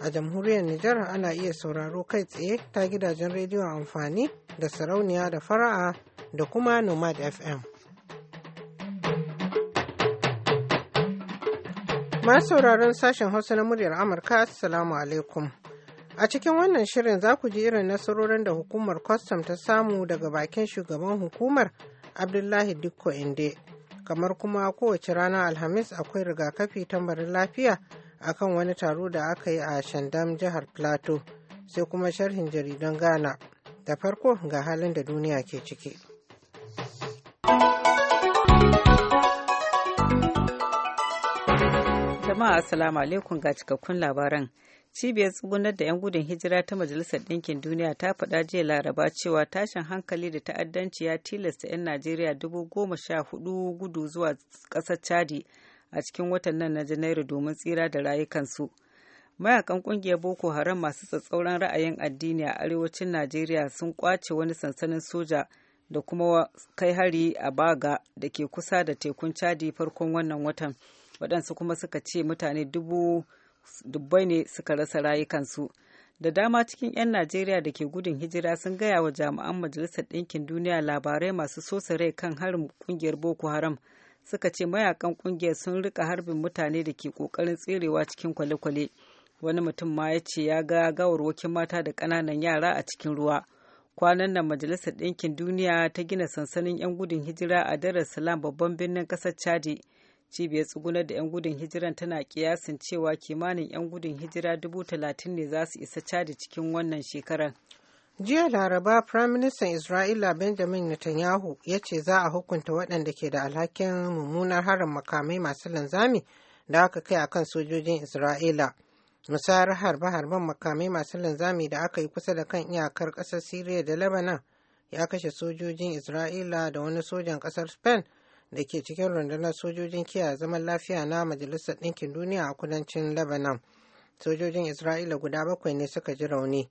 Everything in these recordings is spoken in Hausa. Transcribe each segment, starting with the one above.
A jamhuriyar Nijar ana iya sauraro kai tsaye ta gidajen rediyo amfani da sarauniya da fara'a da kuma Nomad FM. Masu sauraron sashen Hausa na muryar Amurka, Assalamu alaikum. A cikin wannan shirin za ku ji irin nasarorin da hukumar kwastam ta samu daga bakin shugaban hukumar Abdullahi Dikko Inde. Kamar kuma kowace rana Alhamis akwai rigakafi tambarin lafiya akan wani taro da aka yi a Shandam jihar Plateau sai kuma sharhin jaridan Ghana. Da farko ga halin da duniya ke ciki. Jama'a Assalamu alaikum ga cikakkun labaran. Cibiyar tsugunar da 'yan gudun hijira ta Majalisar Ɗinkin Duniya ta faɗa jiya Laraba cewa tashin hankali da ta'addanci ya tilasta 'yan Najeriya dubu goma sha hudu gudu zuwa ƙasar Chadi. a cikin watan nan na janairu domin tsira da rayukansu mayakan kungiyar boko haram masu tsatsauran ra'ayin addini a arewacin najeriya sun kwace wani sansanin soja da kuma kai hari a baga da ke kusa da tekun chadi farkon wannan watan waɗansu kuma suka ce mutane dubu dubbai ne suka rasa rayukansu da dama cikin 'yan najeriya da ke gudun hijira sun gaya wa jami'an majalisar ɗinkin duniya labarai masu sosa rai kan harin kungiyar boko haram suka ce mayakan kungiyar sun rika harbin mutane da ke kokarin tserewa cikin kwale-kwale wani mutum ma ya ce ya ga gawarwakin mata da kananan yara a cikin ruwa kwanan nan majalisar ɗinkin duniya ta gina sansanin 'yan gudun hijira a dar es babban birnin ƙasar chadi cibiyar tsugunar da 'yan gudun hijiran tana kiyasin cewa kimanin 'yan gudun hijira dubu talatin ne za su isa chadi cikin wannan shekarar Jiya Laraba, Firaministan Isra'ila Benjamin Netanyahu ya ce za a hukunta waɗanda ke da alhakin mummunar harin makamai masu linzami da aka kai akan sojojin Isra'ila. Musayar harbe-harben makamai masu linzami da aka yi kusa da kan iyakar ƙasar Siriya da Lebanon ya kashe sojojin Isra'ila da wani sojan ƙasar Spain da ke cikin rundunar sojojin kiyaye zaman lafiya na Majalisar Ɗinkin Duniya a kudancin Lebanon. Sojojin Isra'ila guda bakwai ne suka ji rauni.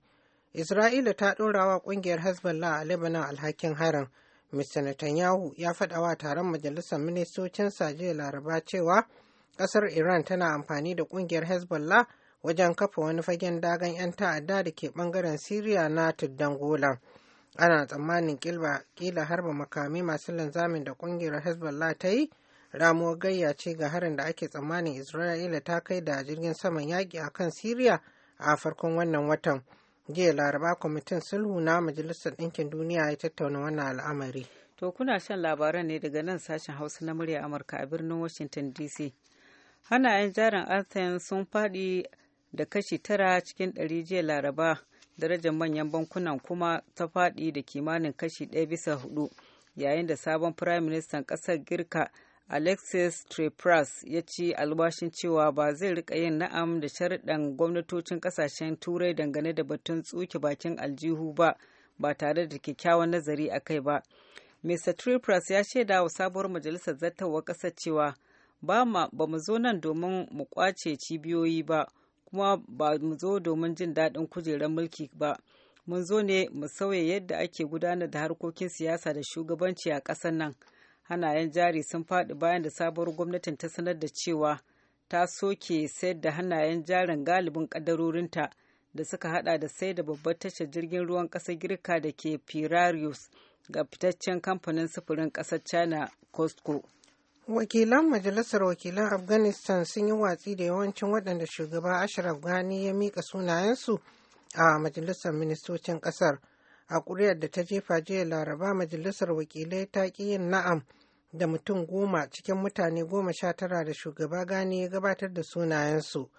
Isra'ila ta ɗora wa ƙungiyar Hezbollah a Lebanon alhakin harin. Mr. Netanyahu ya faɗa wa taron majalisar ministocin jiya Laraba cewa ƙasar Iran tana amfani da ƙungiyar Hezbollah wajen kafa wani fagen dagan 'yan ta'adda da ke ɓangaren Siriya na tuddan Golan. Ana tsammanin kila harba makamai masu linzamin da ƙungiyar Hezbollah ta yi ramuwar gayya ce ga harin da ake tsammanin Isra'ila ta kai da jirgin saman yaƙi a kan Siriya a farkon wannan watan. jiya laraba kwamitin sulhu na majalisar ɗinkin duniya ya tattauna wannan al'amari to kuna shan labaran ne daga nan sashen hausa na murya amurka a birnin washington dc hannayen jarin arthur sun faɗi da kashi tara cikin ɗari jiya laraba darajar manyan bankunan kuma ta faɗi da kimanin kashi ɗaya bisa hudu yayin da sabon firayim ministan ƙasar girka alexis tripras ya ci albashin cewa ba zai rika yin na'am da sharaɗan gwamnatocin ƙasashen turai dangane da batun tsuke bakin aljihu ba ba tare da kyakkyawan nazari a kai ba mr tripras ya shaida wa sabuwar majalisar zartarwar ƙasar cewa ba mu zo nan domin mu kwace cibiyoyi ba kuma ba mu zo domin jin daɗin kujerar mulki ba mun zo ne mu sauya yadda ake gudanar da harkokin siyasa da shugabanci a ƙasar nan hannayen jari sun faɗi bayan da sabuwar gwamnatin ta sanar da cewa ta soke sayar da hannayen jarin galibin ƙaddarorinta da suka hada da sai da babbar tashar jirgin ruwan ƙasa girka da ke pirarius ga fitaccen kamfanin sufurin ƙasar china costco wakilan majalisar wakilan afghanistan sun yi watsi da yawancin waɗanda shugaba ashraf ghani ya mika sunayensu a majalisar ministocin ƙasar a ƙuri'ar da ta jefa jiya laraba majalisar wakilai ta ki yin na'am da mutum goma cikin mutane goma sha tara da shugaba gani ya gabatar da sunayensu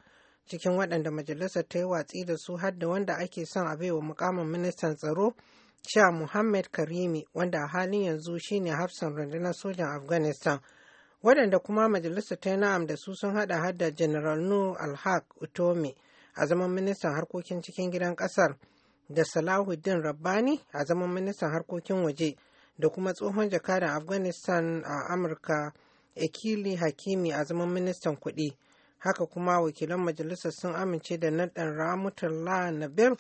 cikin waɗanda majalisar ta yi watsi da su har wanda ake son a baiwa mukamin ministan tsaro sha muhammad karimi wanda a halin yanzu shine hafsan rundunar sojan afghanistan waɗanda kuma majalisar ta yi na'am da su sun haɗa har da general nu alhaq Utomi a zaman ministan harkokin cikin gidan ƙasar da salahuddin rabbani a zaman ministan harkokin waje da kuma tsohon jakadan afghanistan a amurka ekili hakimi a zaman ministan kuɗi haka kuma wakilan majalisar sun amince da naɗin ramutalla nabil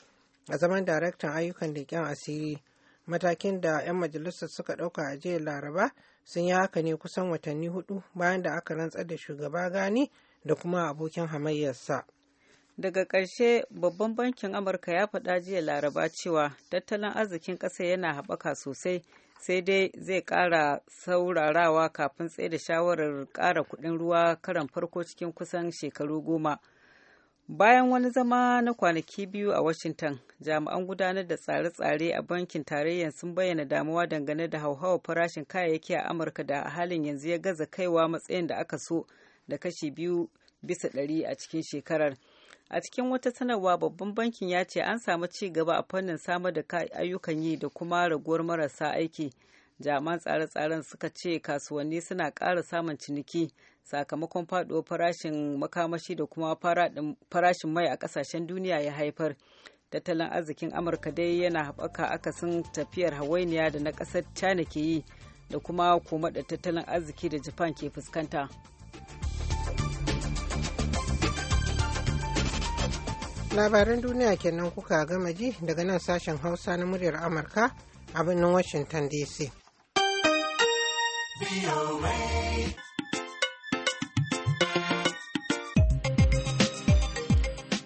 a zaman daraktan ayyukan leƙen asiri matakin da 'yan majalisar suka ɗauka a jiya laraba sun yi haka ne kusan watanni hudu bayan da aka rantsar da shugaba gani da kuma abokin hamayyarsa. daga ƙarshe babban bankin amurka ya faɗa jiya laraba cewa tattalin arzikin ƙasa yana haɓaka sosai sai dai zai kara saurarawa kafin tsaye da shawarar ƙara kudin ruwa karan farko cikin kusan shekaru goma. Bayan wani zama na kwanaki biyu a Washington, jami'an gudanar da tsare-tsare a bankin tarayyar sun bayyana damuwa dangane da hauhawar farashin kayayyaki a Amurka da a halin yanzu ya gaza kaiwa matsayin da aka so da kashi biyu bisa ɗari a cikin shekarar. a cikin wata sanarwa babban bankin ya ce an samu ci gaba a fannin samar da ayyukan yi da kuma raguwar marasa aiki jami'an tsare-tsaren suka ce kasuwanni suna ƙara samun ciniki sakamakon faɗuwar farashin makamashi da kuma farashin mai a ƙasashen duniya ya haifar tattalin arzikin amurka dai yana haɓaka akasin tafiyar hawainiya da na ƙasar china ke yi da kuma koma da tattalin arziki da japan ke fuskanta labaran duniya kenan kuka gama ji daga nan sashen hausa na muryar amurka a birnin washington dc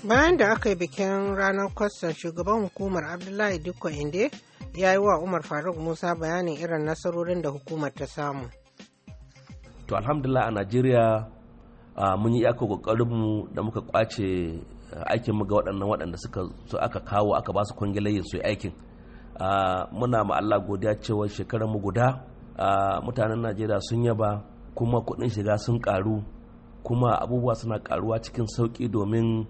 bayan da aka yi bikin ranar kwastan shugaban hukumar abdullahi dikko inde ya yi wa umar faruk musa bayanin irin nasarorin da hukumar ta samu to alhamdulillah a najeriya mun yi iyakar kokarinmu da muka kwace aikin mu ga waɗannan waɗanda suka su aka kawo aka ba su kwangilaye su aikin muna ma Allah godiya cewa shekarar mu guda mutanen Najeriya sun yaba kuma kuɗin shiga sun ƙaru kuma abubuwa suna ƙaruwa cikin sauƙi domin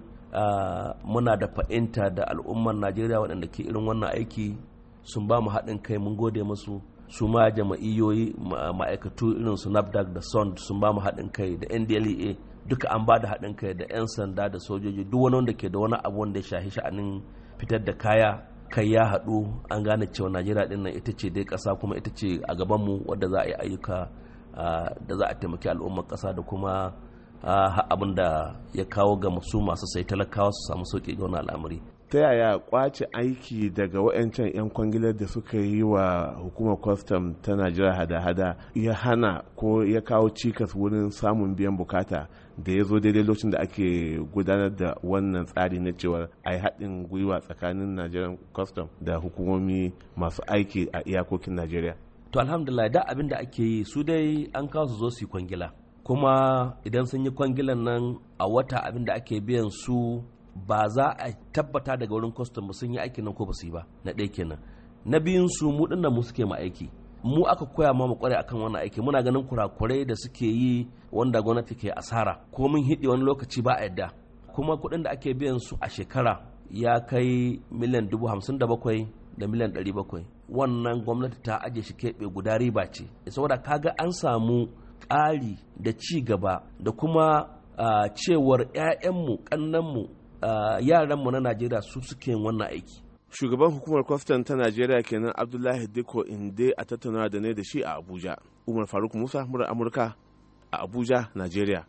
muna da fa'inta da al'ummar Najeriya waɗanda ke irin wannan aiki sun ba mu haɗin kai mun gode musu su ma jama'iyoyi ma'aikatu irin su NAFDAC da SOND sun ba mu haɗin kai da NDLEA duka an ba da haɗin kai da 'yan sanda da sojoji duk wani wanda ke da wani abu wanda ya shahi sha'anin fitar da kaya kai ya haɗu an gane cewa najeriya ɗin nan ita ce dai ƙasa kuma ita ce a gabanmu wadda za a yi ayyuka da za a taimaki al'ummar ƙasa da kuma abin da ya kawo ga masu masu sai talakawa su samu sauƙi ga wani al'amari ta yaya kwace aiki daga wayancan 'yan kwangilar da suka yi wa hukumar kwastam ta najeriya hada-hada ya hana ko ya kawo cikas wurin samun biyan bukata da ya zo daidai lokacin da ake gudanar da wannan tsari na cewa a yi haɗin gwiwa tsakanin nigerian custom da hukumomi masu aiki a iyakokin nigeria to alhamdulillah da abin da ake yi su dai an kawo su zo su yi kwangila kuma idan sun yi kwangilan nan a wata abin da ake biyan su ba za a tabbata daga wurin kwastam sun yi aiki nan ko ba su yi ba na ɗaya kenan na biyun su mu ɗin mu suke ma aiki mu aka koya ma mu kware akan wannan aiki muna ganin kurakurai da suke yi wanda gwamnati ke asara ko mun hidi wani lokaci ba a yadda kuma kuɗin da ake biyan su a shekara ya kai miliyan dubu hamsin da bakwai da miliyan ɗari bakwai wannan gwamnati ta ajiye shi keɓe guda riba ce saboda kaga an samu ƙari da ci gaba da kuma cewar 'ya'yanmu ƙannanmu yaranmu na najeriya su suke wannan aiki shugaban hukumar kwastan ta najeriya kenan abdullahi diko inde a tattauna da ne da shi a abuja umar faruk musa murar amurka a abuja najeriya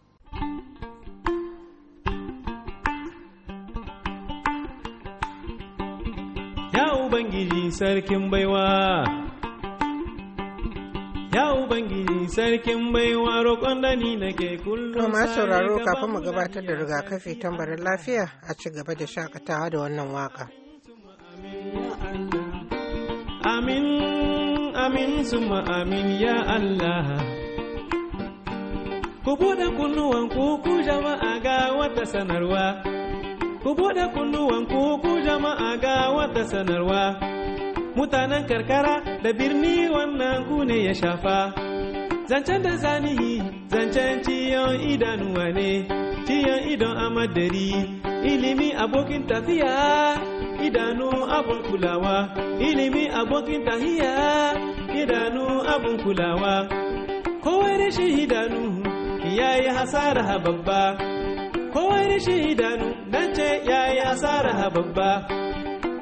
ya ubangiji sarkin baiwa ya ubangiji sarkin baiwa roƙon da ni nake kullum to ma sauraro kafin mu gabatar da rigakafi tambarin lafiya a ci gaba da shakatawa da wannan waka amin amin suma amin ya Allah ku bude kunnuwan ku ku jama'a ga wata sanarwa ku bude kunnuwan ku ku jama'a ga wata sanarwa mutanen karkara da birni wannan ku ne ya shafa zancen da zanihi zancen ciyon idanuwa ne ciyon idon amadari ilimi abokin tafiya idanu abun kulawa ilimi abokin tahiya idanu abun kulawa kowai rashin idanu yayi hasara ha babba kowai rashin idanu dan ce yayi hasara ha babba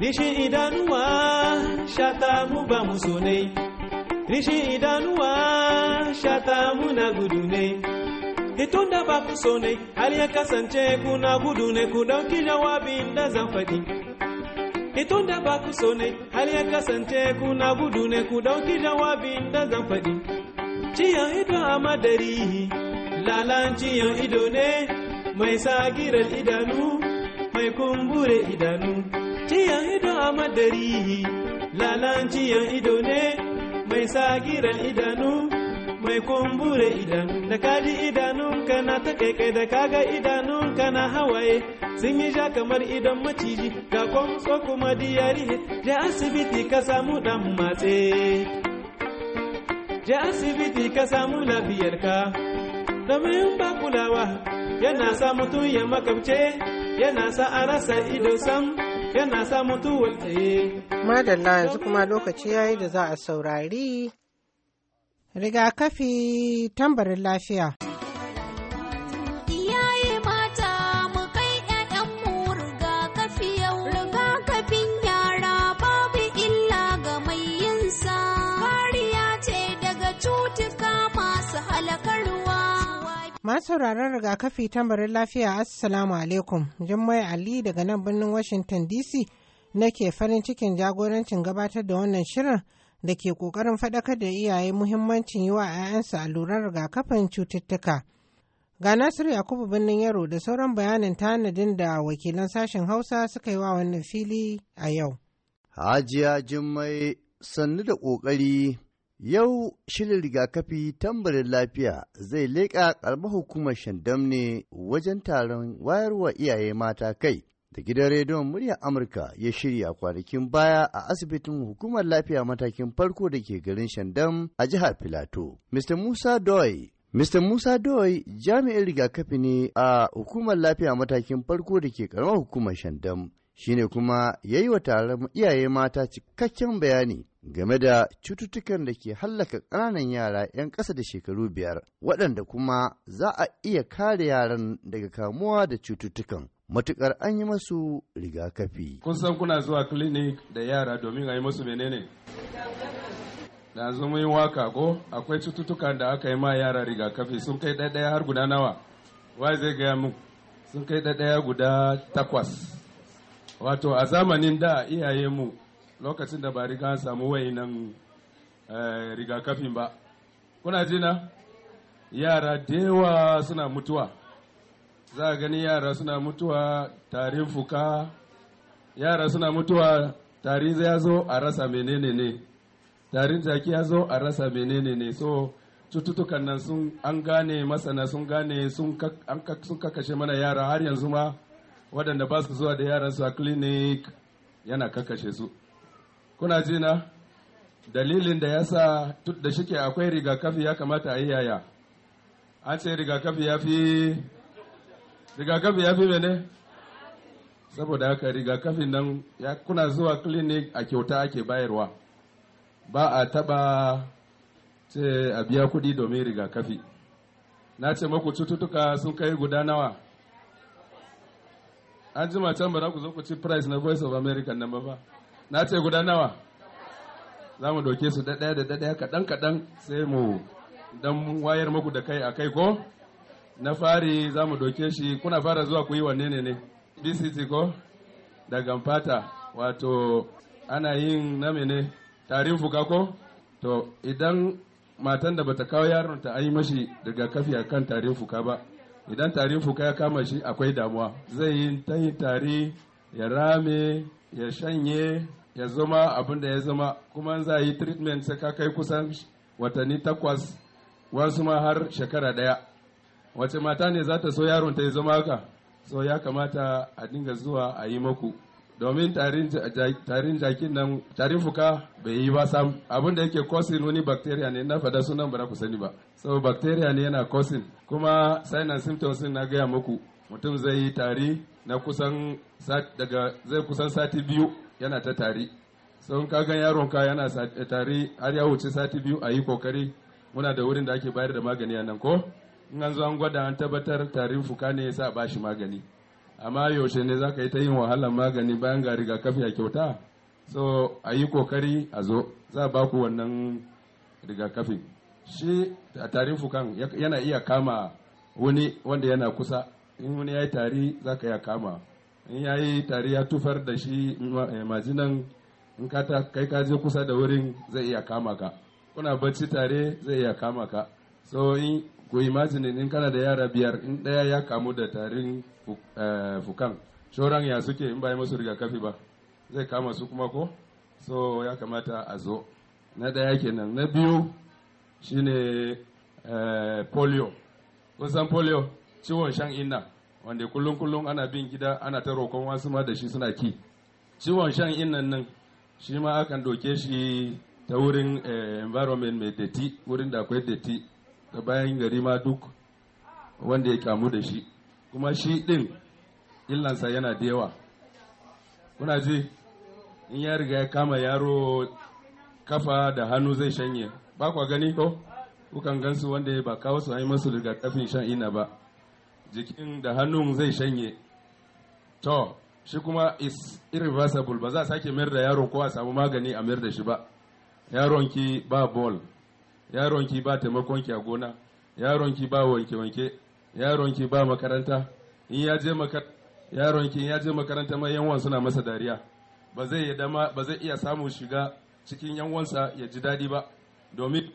idanu idanuwa shata mu ba mu so ne idanu idanuwa shata mu na gudu ne Hitun da ba ku so ne, har ya kasance kuna gudu ne ku ɗauki jawabin da zan faɗi. Itun da ba ku so ne, hal ya kasance kuna gudu ne ku ɗauki jawabin da zan faɗi. Ciyan ido a madari, lalan ciyan ido ne, mai sagirar idanu, mai kumbure idanu. Ciyan ido a madari, lalan ciyan ido ne, mai sagirar idanu, mai kumbure idanu da kaji idanunka na ta kaikai da kaga idanunka na hawaye sun yi ja kamar idan maciji ga kwamso kuma diyarihe je asibiti ka samu dan matse je asibiti ka samu lafiyarka domin ba kulawa yana sa mutum ya makamce yana sa a rasa ido sam yana sa mutuwar tsaye madalla yanzu kuma lokaci yayi da za a saurari rigakafi tambarin lafiya. sauraron rigakafi tambarin lafiya assalamu alaikum jummai ali daga nan birnin washington dc nake farin cikin jagorancin gabatar da wannan shirin da ke ƙoƙarin faɗakar da iyaye muhimmancin yi wa 'ya'yansu lura rigakafin cututtuka. Ga Nasiru Yakubu Birnin Yaro da sauran bayanin tanadin da wakilan sashen Hausa suka yi wa wannan fili a yau. Hajiya Jummai sannu da ƙoƙari yau shirin rigakafi tambarin lafiya zai leƙa ƙaramar hukumar Shandam ne wajen taron wayarwa iyaye mata kai. da gidan rediyon muryar Amurka ya shirya kwanakin baya a asibitin hukumar lafiya matakin farko da ke garin Shandam a jihar Filato. Mr. Musa Doy Mr. Musa Doi jami'in rigakafi ne a hukumar lafiya matakin farko da ke karamar hukumar Shandam, shine kuma ya yi wa taron iyaye mata cikakken bayani game da cututtukan da ke hallaka ƙananan yara 'yan ƙasa da shekaru biyar, waɗanda kuma za a iya kare yaran daga kamuwa da cututtukan. matukar an yi masu rigakafi. Kun san kuna zuwa clinic da yara domin a yi masu menene? Da mun yi waka ko akwai cututtukan da aka yi ma yara rigakafi sun kai ɗaya har guda nawa. Wai zai gaya mu sun kai ɗaya guda takwas. Wato a zamanin da iyaye mu lokacin da ba riga samu nan eh, rigakafin ba. Kuna jina? Yara dewa suna mutuwa. za a gani yara suna mutuwa tarin fuka yara suna mutuwa tarin ya zo a rasa menene ne tarin jaki ya zo a rasa menene ne so cututtukan nan sun an gane masana sun gane sun kakashe mana yara har yanzu ma waɗanda ba su zuwa da yaransu a clinic yana kakashe su kuna ji na dalilin da ya sa da shike akwai rigakafi ya kamata a yi yaya an ce rigakafi ya fi rigakafi ya fi mene saboda haka rigakafin nan ya kuna zuwa clinic a kyauta ake bayarwa ba a taba ce a biya kuɗi domin rigakafi na ce maku cututtuka sun kai guda nawa an jima can ba ku zo ku ci price na voice of america nan ba na ce guda nawa za mu doke su da daya da daya kaɗan kaɗan sai mu dan wayar maku da kai a kai ko na fari za mu doke shi kuna fara zuwa ku yi wanne ne ne bcc ko daga fata wato ana yin na mene tarin fuka ko to idan matan da bata kawo yaron ta yi mashi kafi a kan tarin fuka ba idan tarin fuka ya kama shi akwai damuwa zai yi ta yi tari ya rame ya shanye ya zama abin da ya zama kuma za yi treatment sai ka kai kusan watanni takwas wasu ma har shekara daya wace mata ne za ta so yaron ta ya zama haka so ya kamata a dinga zuwa a yi maku domin tarin jakin nan tarin fuka bai yi ba sam abin yake kosin wani bacteria ne na fada sunan ba ku sani ba so bacteria ne yana kosin kuma sign and symptoms na gaya muku mutum zai yi tari na kusan daga zai kusan sati biyu yana ta tari So gan kagan ka yana tari har ya wuce sati biyu a yi kokari muna da wurin da ake bayar da magani a nan ko in an zo an gwada an tabbatar tarin fuka ne yasa ba shi magani amma yaushe ne za ka yi ta yin wahalar magani bayan ga rigakafi a kyauta so a yi kokari a zo za ba ku wannan rigakafin shi a tarin fukan yana iya kama wani wanda yana kusa in wani ya yi tari za ka iya kama in ya yi tari ya tufar da shi eh, majinan in ka kai ka je kusa da wurin zai iya kama ka kuna bacci tare zai iya kama ka so in ku imagine in kana da yara biyar in ɗaya ya kamu da tarin eh, fukan shoran ya suke in bai musu rigakafi ba zai kama su kuma ko so ya kamata a zo na ɗaya kenan na biyu shine eh, polio kusan polio ciwon shan inna wanda kullum kullum ana bin gida ana ta roƙon wasu ma da shi suna ki ciwon shan innan nan shi ma akan doke shi ta wurin eh, environment mai datti wurin da akwai datti da bayan gari ma duk wanda ya kamu da shi kuma shi din illansa yana da yawa kuna ji in ya riga ya kama yaro kafa da hannu zai shanye ba kwa gani ko kukan gansu wanda ya ba kawo su yi masu rigakafin shan ina ba jikin da hannun zai shanye to shi kuma is irreversible ba za a sake mayar da yaro ko a samu magani a mayar da shi ba yaron ki ba ball yaronki ba taimakonki a gona yaronki ba wanke-wanke yaronki ba makaranta in ya je makaranta yaronki in ya je makaranta mai yan suna masa dariya ba zai iya ba zai iya samun shiga cikin yan wansa ya ji daɗi ba domin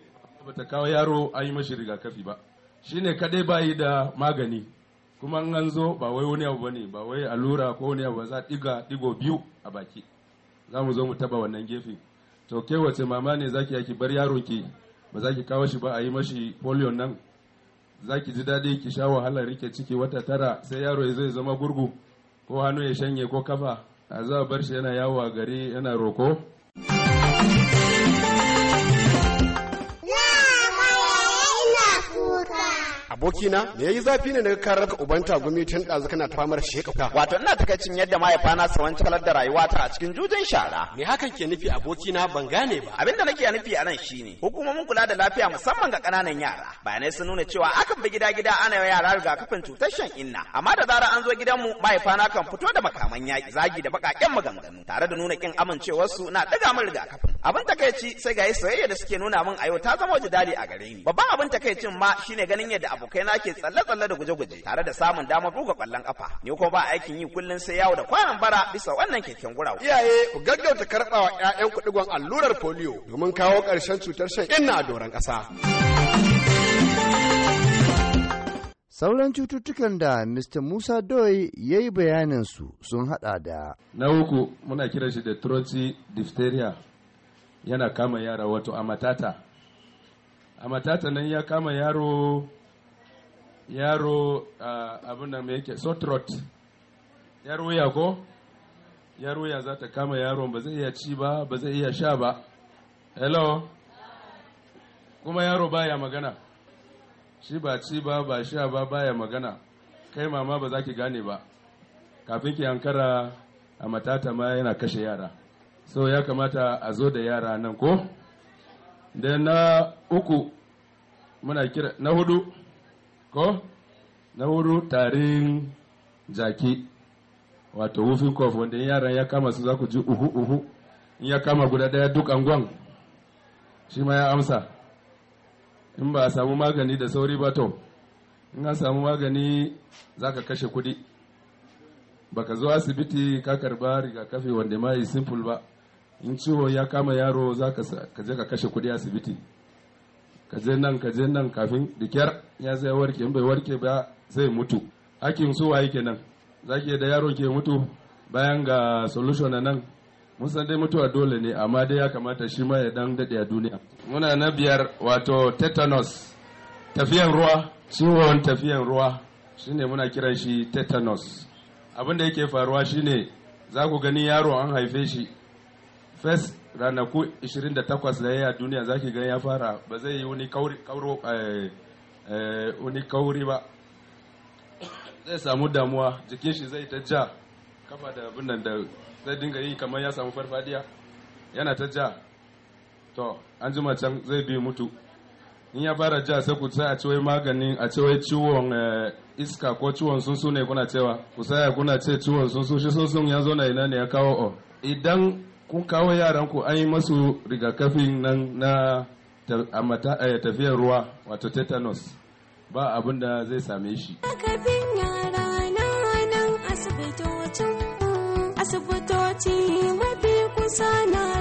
ba ta kawo yaro a yi mashi rigakafi ba shine kadai ba yi da magani kuma an zo ba wai wani abu bane ba wai allura ko wani abu za diga digo biyu a baki za mu zo mu taba wannan gefe to ke wace mama ne zaki yaki bar yaron ki ba za ki kawo shi ba a yi mashi polio nan za ki ji daɗi ki sha wahalar rike ciki wata tara sai yaro ya zai zama gurgu ko hannu ya shanye ko kafa a za bar shi yana yawo a gari yana roko. abokina me yayi zafi ne daga karar uban gumi tun ɗazu kana ta famar sheka wato ina takaicin yadda mahaifana su wanci kalar da rayuwa ta a cikin jujin shara me hakan ke nufi abokina ban gane ba Abin da nake nufi a nan shine hukumomin kula da lafiya musamman ga ƙananan yara bayanai sun nuna cewa akan bi gida gida ana yara rigakafin cutar shan inna amma da zarar an zo gidanmu mahaifana kan fito da makaman yaƙi zagi da baƙaƙen maganganu tare da nuna kin amincewarsu na ɗaga min rigakafin abin takaici sai ga soyayya da suke nuna min a yau ta zama jidali a gare ni babban abin takaicin ma shine ganin yadda abokai na ke tsalle-tsalle da guje-guje tare da samun damar buga kwallon kafa ni ko ba aikin yi kullun sai yawo da kwanan bara bisa wannan keken gurawa iyaye ku gaggauta karbawa ƴaƴan kuɗigon allurar polio domin kawo ƙarshen cutar shan inna a doron ƙasa sauran cututtukan da mr musa doi ya yi bayaninsu sun hada da na uku muna kiran shi da trochi diphtheria yana kama yara wato amatata amatata nan ya kama yaro yaro ah, abin da mai yake sotrot yaro ya ko yaro ya za ta kama yaron ba zai iya ci ba ba zai iya sha ba hello kuma yaro baya magana shi ba ci ba ba sha ba baya magana kai mama ba za ki gane ba kafin ki ankara a matata ma yana kashe yara so ya kamata a zo da yara nan ko da na uku muna kira na hudu ko na wuri tarin jaki wato wufin kof wanda yaran ya kama su za ku ji uhu uhu in ya kama guda daya duk angon shi ma ya amsa in ba a samu magani da sauri ba to in an samu magani za ka kashe kudi baka zo asibiti ka karba rigakafi wanda ma yi simple ba in ciwo ya kama yaro za ka je ka kashe kudi asibiti ka je nan ka je nan kafin da ya sai warke in bai warke ba sai mutu hakin su waye kenan zaki da yaro ke mutu bayan ga solution nan musan dai mutuwa dole ne amma dai ya kamata shi ma ya dan dade a duniya muna na biyar wato tetanus tafiyan ruwa ciwon tafiyan ruwa shine muna kiran shi tetanus abin da yake faruwa shine za ku gani yaro an haife shi first ranaku 28 da ya duniya za ki ya fara ba zai yi eh, eh, wani kauri ba zai samu damuwa jikin shi zai ta ja kafa da abin nan da zai dinga yi kamar ya samu farfadiya yana ta ja to an jima can zai bi mutu in ya fara ja sai ku sa a ce wai maganin a ce wai ciwon eh, iska ko ciwon sunsu ne kuna cewa ku saya kuna ce ciwon sunsu shi sunsun ya zo na ina ne ya kawo o oh, idan kun kawo yaran ku an yi masu rigakafin nan na eh, tafiyar ruwa wato tetanus ba abin da zai same shi asibitoci mafi kusa na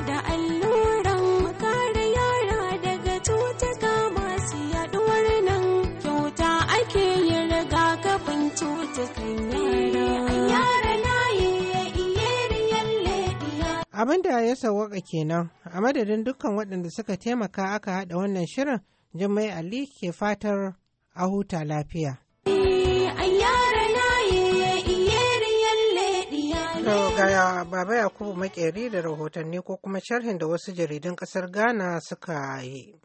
Abin da ya sauwaka kenan a madadin dukkan waɗanda suka taimaka aka haɗa wannan shirin Jummai Ali ke fatar a huta lafiya. gaya baba Yakubu makeri da rahotanni ko kuma sharhin da wasu jaridun ƙasar Ghana suka yi.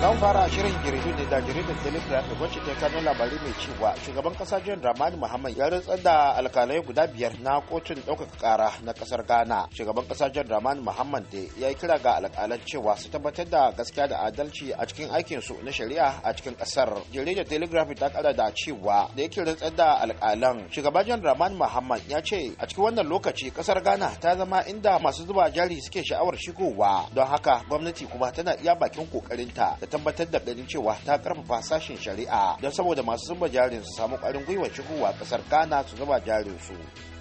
zan fara shirin girgin ne da jaridar da graphic wacce ta kano labari mai cewa shugaban kasa jiran ramani muhammad ya rantsar da alkalai guda biyar na kotun ɗaukaka kara na kasar ghana shugaban kasa jiran ramani muhammad da ya yi kira ga alkalan cewa su tabbatar da gaskiya da adalci a cikin aikin su na shari'a a cikin kasar jaridar da graphic ta kara da cewa da yake rantsar da alkalan shugaban jiran ramani muhammad ya ce a cikin wannan lokaci kasar ghana ta zama inda masu zuba jari suke sha'awar shigowa don haka gwamnati kuma tana iya bakin kokarinta da tabbatar da ganin cewa ta karfafa sashen shari'a don saboda masu zuba jarin su samu kwarin gwiwa shigowa ƙasar ghana su zuba jarin su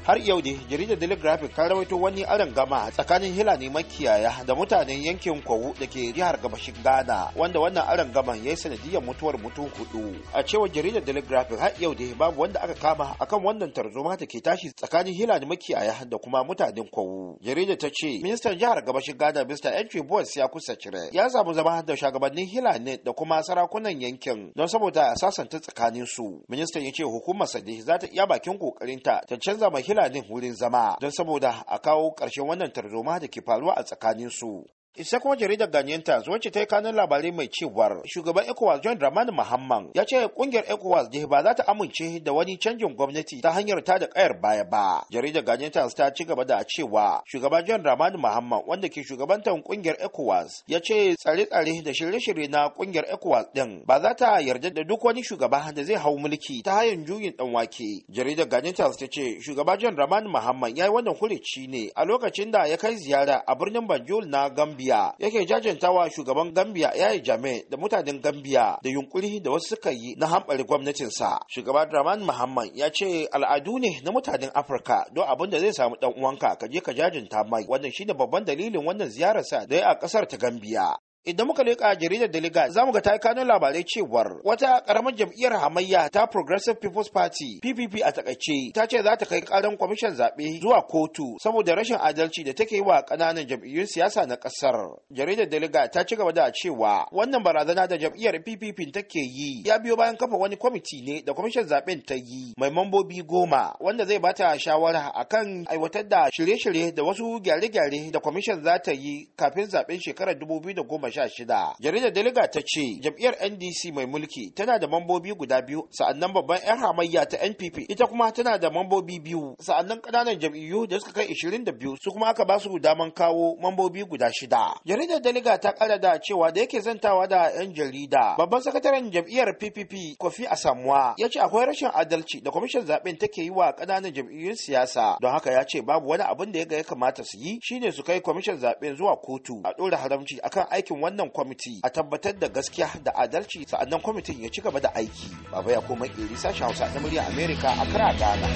har yau da jaridar daily graphic ta rawaito wani aron gama tsakanin hilani makiyaya da mutanen yankin kwawu da ke jihar gabashin ghana wanda wannan aron gaman ya yi sanadiyar mutuwar mutum hudu a cewar jaridar daily graphic har yau da babu wanda aka kama akan wannan tarzoma da ke tashi tsakanin hilani makiyaya da kuma mutanen kwawu jaridar ta ce ministan jihar gabashin ghana mr entry boys ya kusa cire ya samu zama da shugabannin hilani da kuma sarakunan yankin don saboda a sasanta tsakanin su ministan ya ce hukumar sadi za ta iya bakin kokarinta ta canza ma fulanin wurin zama don saboda a kawo ƙarshen wannan tarzoma da ke faruwa a tsakaninsu isa kuma jaridar Ghanaian Times wacce ta yi kanun labarai mai cewar shugaban ECOWAS John Dramani Mahamman ya ce kungiyar ECOWAS da ba za ta amince da wani canjin gwamnati ta hanyar ta da kayar baya ba. Jaridar Ghanaian Times ta ci gaba da cewa shugaban John Dramani Mahamman wanda ke shugabantar kungiyar ECOWAS ya ce tsare-tsare da shirye-shirye na kungiyar ECOWAS din ba za ta yarda da duk wani shugaba da zai hau mulki ta hanyar juyin dan wake. Jaridar Ghanaian Times ta ce shugaban John Dramani Mahamman ya yi wannan hulici ne a lokacin da ya kai ziyara a birnin Banjul na Gambia. gambia yake jajantawa shugaban gambia yayi jame da mutanen gambia da yunkuri da wasu suka yi na gwamnatin gwamnatinsa shugaba draman muhammad ya ce al'adu ne na mutanen afirka don abin da zai samu dan uwanka ka je ka jajanta mai wannan shine babban dalilin wannan ziyararsa da ya a kasar ta gambia Idan muka leƙa jaridar Deliga za mu ga ta kanun labarai cewar wata karamar jam'iyyar hamayya ta Progressive People's Party PPP a takaice ta ce za ta kai ƙaran kwamishin zaɓe zuwa kotu saboda rashin adalci da take yi wa ƙananan jam'iyyun siyasa na ƙasar. Jaridar Deliga ta ci gaba da cewa wannan barazana da jam'iyyar PPP take yi ya biyo bayan kafa wani kwamiti ne da kwamishin zaɓen ta yi mai mambobi goma wanda zai ba ta shawara a kan aiwatar da shirye-shirye da wasu gyare-gyare da kwamishin za ta yi kafin zaɓen shekarar 2010 sha jaridar deliga ta ce jam'iyyar ndc mai mulki tana da mambobi guda biyu sa'annan babban yan hamayya ta npp ita kuma tana da mambobi biyu sa'annan ƙananan jam'iyyu da suka kai ishirin da biyu su kuma aka ba su daman kawo mambobi guda shida jaridar deliga ta ƙara da cewa da yake zantawa da yan jarida babban sakataren jam'iyyar ppp kofi asamuwa ya ce akwai rashin adalci da kwamishin zaɓen take yi wa ƙananan jam'iyyun siyasa don haka ya ce babu wani abin da ya kamata su yi shine su kai kwamishin zaben zuwa kotu a ɗora haramci akan aikin wannan kwamiti a tabbatar da gaskiya da adalci sa'annan kwamitin ya ci gaba da aiki baba ya koma iri sashen hausa na murya america a kara ghana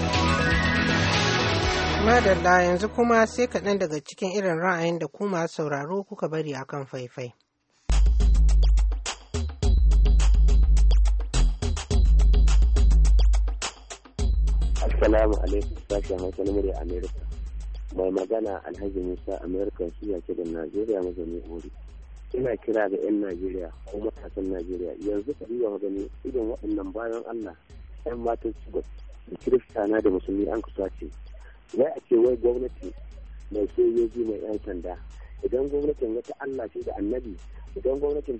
madalla yanzu kuma sai kaɗan daga cikin irin ra'ayin da kuma sauraro kuka bari akan faifai Assalamu alaikum sashen Hausa na murya Amerika. Mai magana Alhaji Musa Amerika shi ke da Najeriya mazauni Ori. ina kira da 'yan najeriya ko matasan najeriya yanzu ka iya gani irin waɗannan bayan allah 'yan matan su da kirista na da musulmi an kusa ce ya a ce wai gwamnati mai sojoji mai 'yan sanda idan gwamnatin wata allah ce da annabi idan gwamnatin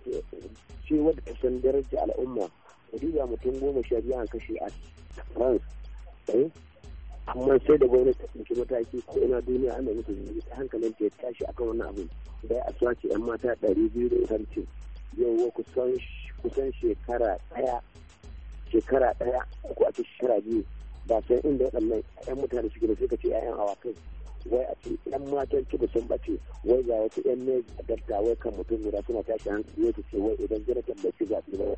ce wadda ta san daraja al'umma ka duba mutum goma sha biyu an kashe a france eh? amma sai da gwamnati ta ɗauki mataki ko ina duniya ana mutu zuwa ta hankalin ta tashi akan wannan abin da a swace yan mata ɗari biyu da isarci yau kusan kusan shekara ɗaya shekara ɗaya ko a shekara biyu ba sai inda waɗannan 'yan mutane suke da suka ce 'ya'yan awakai wai a ce yan matan cibu sun bace wai ga wasu yan ne gadda wai kan mutum guda suna tashi hankali wai ce wai idan jonathan da ci zaɓe ba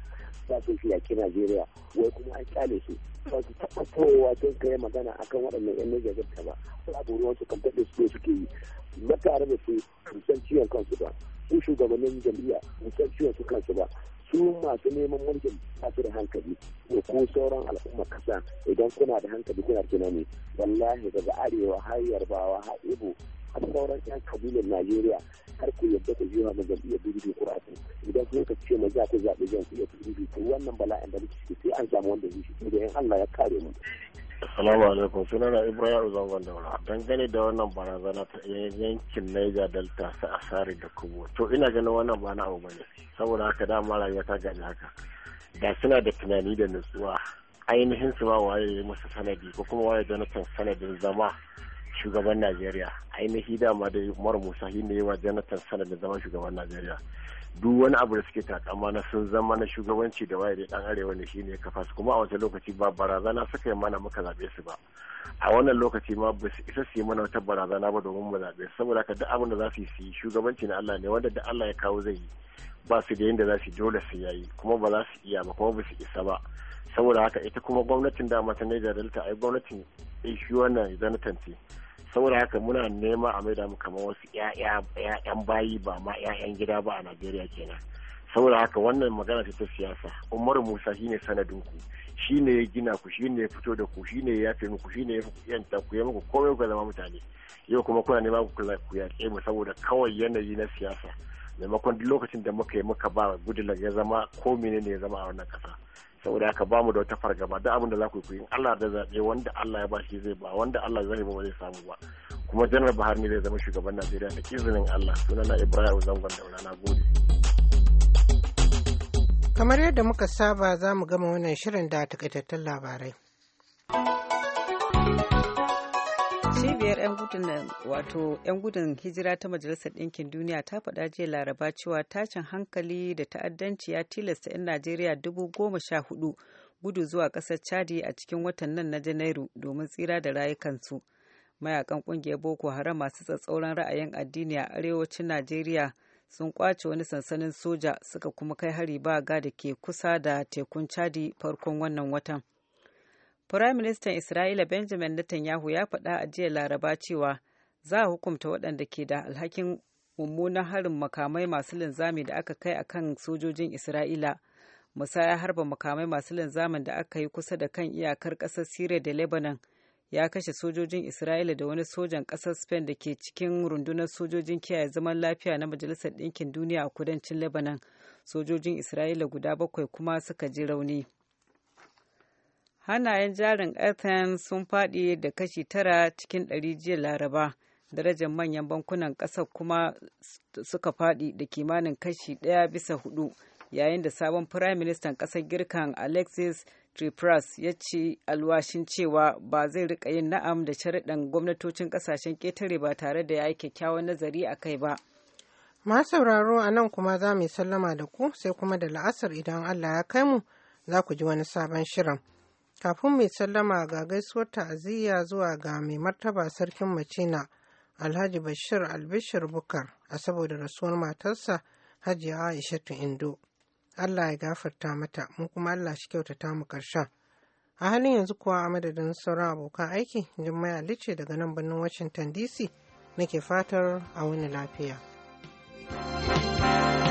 za su shi yaki najeriya wai kuma an kyale su ba su taɓa kowa sun kai magana akan waɗannan yan ne gadda ba su abu ruwan su kan da su suke yi na tare da su san ciwon kansu ba su shugabannin jam'iyya san ciwon su kansu ba su masu neman mulkin masu da hankali ko ko sauran al'umma kasa idan kuna da hankali kuna kina ne wallahi daga arewa har yarbawa har ibo har sauran yan kabilan najeriya har ku yadda ku jiwa ma jam'iyyar dubu kuratu idan ku ka ce ma za ku zaɓi jam'iyyar dubu to wannan bala'in da muke ciki sai an samu wanda zai shi da yan allah ya kare mu Salamu alaikum na Ibrahim Zangon Daura dangane da wannan barazana ta yankin Niger Delta ta Asari da Kubo to ina ganin wannan ba na abu bane saboda haka dama ya ta gani haka da suna da tunani da nutsuwa ainihin su ba waye musu sanadi ko kuma waye Jonathan sanadin zama shugaban Najeriya ainihi dama da Umar Musa ne wa Jonathan sanadin zama shugaban Najeriya duk wani abu da suke takama na sun zama na shugabanci da waye da dan arewa ne shine kafa su kuma a wata lokaci ba barazana suka yi mana muka zabe su ba a wannan lokaci ma ba su isa su yi mana wata barazana ba domin mu zabe saboda haka duk abin da za su yi shugabanci na Allah ne wanda da Allah ya kawo zai yi ba su da yadda za su dole su yayi kuma ba za su iya ba kuma ba su isa ba saboda haka ita kuma gwamnatin da mata Niger Delta ai gwamnatin shi wannan zanatan ce saboda haka muna nema a maida mu kamar wasu ya'yan bayi ba ma ya'yan gida ba a Najeriya kenan saboda haka wannan magana ta siyasa Umar Musa shine sanadin ku shine ya gina ku shine ya fito da ku shine ya yafe muku shine ya yanta ku ya muku komai ku zama mutane yau kuma kuna nema ku ku yaƙe mu saboda kawai yanayi na siyasa maimakon duk lokacin da muka yi muka ba gudulan ya zama ko menene ya zama a wannan kasa. saboda haka ba mu da wata fargaba duk abin da za ku yi in Allah da zaɓe wanda Allah ya ba shi zai ba wanda Allah zai ba zai samu ba kuma janar bahar ne zai zama shugaban Najeriya da izinin Allah sunana Ibrahim Zangon da na gode. Kamar yadda muka saba za mu gama wannan shirin da takaitattun labarai. Ƙungiyar 'yan gudun wato 'yan gudun hijira ta Majalisar Ɗinkin Duniya ta faɗa jiya Laraba cewa tashin hankali da ta'addanci ya tilasta 'yan Najeriya dubu goma sha hudu gudu zuwa ƙasar Chadi a cikin watan nan na Janairu domin tsira da rayukansu. Mayakan ƙungiyar Boko Haram masu tsatsauran ra'ayin addini a arewacin Najeriya sun kwace wani sansanin soja suka kuma kai hari ba ga da ke kusa da tekun Chadi farkon wannan watan. Firaministan Isra'ila Benjamin Netanyahu ya faɗa a jiya Laraba cewa za a hukumta waɗanda ke da alhakin mummunan harin makamai masu linzami da aka kai a kan sojojin Isra'ila. Musaya harba makamai masu linzamin da aka yi kusa da kan iyakar ƙasar Siriya da Lebanon ya kashe sojojin Isra'ila da wani sojan ƙasar Spain da ke cikin rundunar sojojin kiyaye zaman lafiya na Majalisar Ɗinkin Duniya a kudancin Lebanon. Sojojin Isra'ila guda bakwai kuma suka ji rauni. hannayen jarin athens sun faɗi da kashi tara cikin ɗari jiya laraba darajar manyan bankunan ƙasar kuma suka faɗi da kimanin kashi ɗaya bisa hudu yayin da sabon firaministan ƙasar girkan alexis tripras ya ci alwashin cewa ba zai rika yin na'am da sharaɗin gwamnatocin ƙasashen ƙetare ba tare da ya yi kyakkyawan nazari a kai ba ma sauraro a nan kuma za mu sallama da ku sai kuma da la'asar idan allah ya kai mu za ku ji wani sabon shirin Kafin mai sallama ga gaisuwar ta'aziyya zuwa ga mai martaba sarkin Macina Alhaji Bashir Albishir Bukar a saboda rasuwar matarsa Hajiya Aishatu Indo. Allah ya gafarta mata mu kuma Allah shi kyautata mu karshen. A halin yanzu kuwa a madadin sauran abokan aiki Jummai Ali daga nan birnin Washington DC nake fatar a wani lafiya. thank you